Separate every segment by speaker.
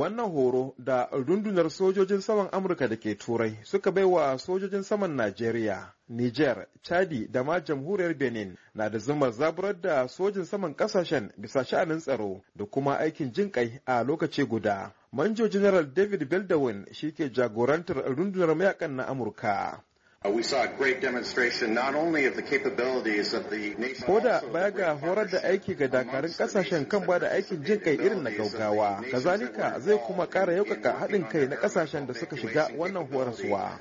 Speaker 1: wannan horo da rundunar sojojin saman amurka da ke turai suka bai wa sojojin saman najeriya niger chadi da ma jamhuriyar benin na da zumar zaburar da sojin saman kasashen bisa sha'anin tsaro da kuma aikin jin a lokaci guda manjo general david beldawin shi ke jagorantar rundunar mayakan na amurka Uh, Koda baya ga horar da aiki ga dakarun kasashen kan ba da aikin jin kai irin na gaugawa, kazalika zai kuma ƙara yaukaka haɗin kai na kasashen da suka shiga wannan horaswa.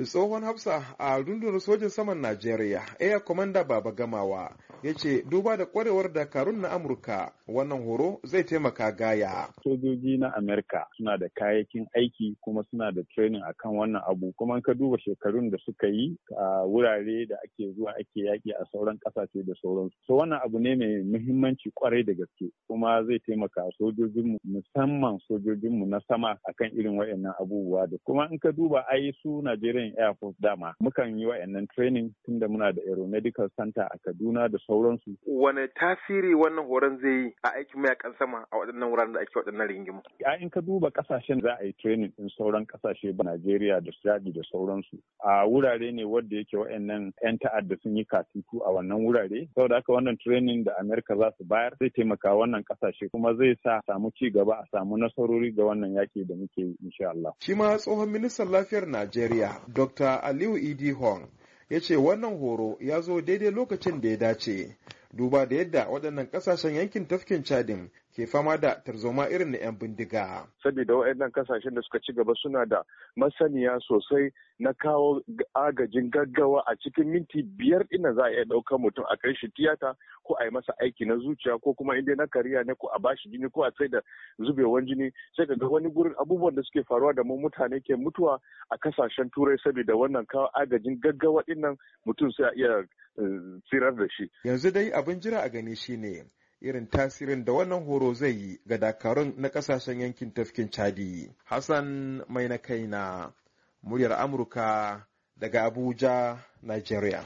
Speaker 1: Tsohon Hafsa a rundunar sojin saman Najeriya, Air Commander Baba Gamawa, ya ce duba da kwarewar dakarun na amurka wannan horo zai taimaka gaya sojoji na Amurka suna da kayayyakin aiki
Speaker 2: kuma suna da training akan wannan abu kuma ka duba shekarun da suka yi a wurare da ake zuwa ake yaki a sauran ƙasashe da sauransu so wannan abu ne mai muhimmanci kwarai da gaske kuma zai taimaka sojojinmu musamman sojojinmu na sama akan irin wayannan abubuwa da kuma in ka duba ai su Nigerian Air Force dama mukan yi wayannan training tunda muna da aeronautical center a Kaduna da sauransu.
Speaker 1: Wane tasiri wannan horon zai yi a aikin mayakan sama a waɗannan wuraren da ake waɗannan rigima?
Speaker 2: Ya in ka duba ƙasashen za a yi training ɗin sauran ƙasashe ba Najeriya da Sadi da sauransu. A
Speaker 1: wurare ne wanda yake wa'annan
Speaker 2: 'yan ta'adda sun yi katutu a wannan wurare. Saboda haka wannan training da Amerika za su bayar zai taimaka wannan ƙasashe kuma zai sa samu ci gaba a samu nasarori ga wannan yaki da muke yi insha Allah.
Speaker 1: Shi ma tsohon ministan lafiyar Najeriya Dr. Aliyu Idi Hong ya ce wannan horo ya zo daidai lokacin da ya dace duba da yadda waɗannan ƙasashen yankin tafkin chadin ke fama da tarzoma irin na 'yan bindiga.
Speaker 3: Saboda waɗannan kasashen da suka ci gaba suna da masaniya sosai na kawo agajin gaggawa a cikin minti biyar ina za a iya ɗaukar mutum a kai shi tiyata ko a yi masa aiki na zuciya ko kuma inda na kariya ne ko a bashi jini ko a sai da zubewan jini sai ka ga wani gurin abubuwan da suke faruwa da mu mutane ke mutuwa a kasashen turai saboda wannan kawo agajin gaggawa ɗin mutum
Speaker 1: sai a iya eh, tsirar da shi. Yanzu dai abin jira a gani shine irin tasirin da wannan horo zai yi ga dakarun na kasashen yankin tafkin chadi hassan mai na kaina muryar amurka daga abuja nigeria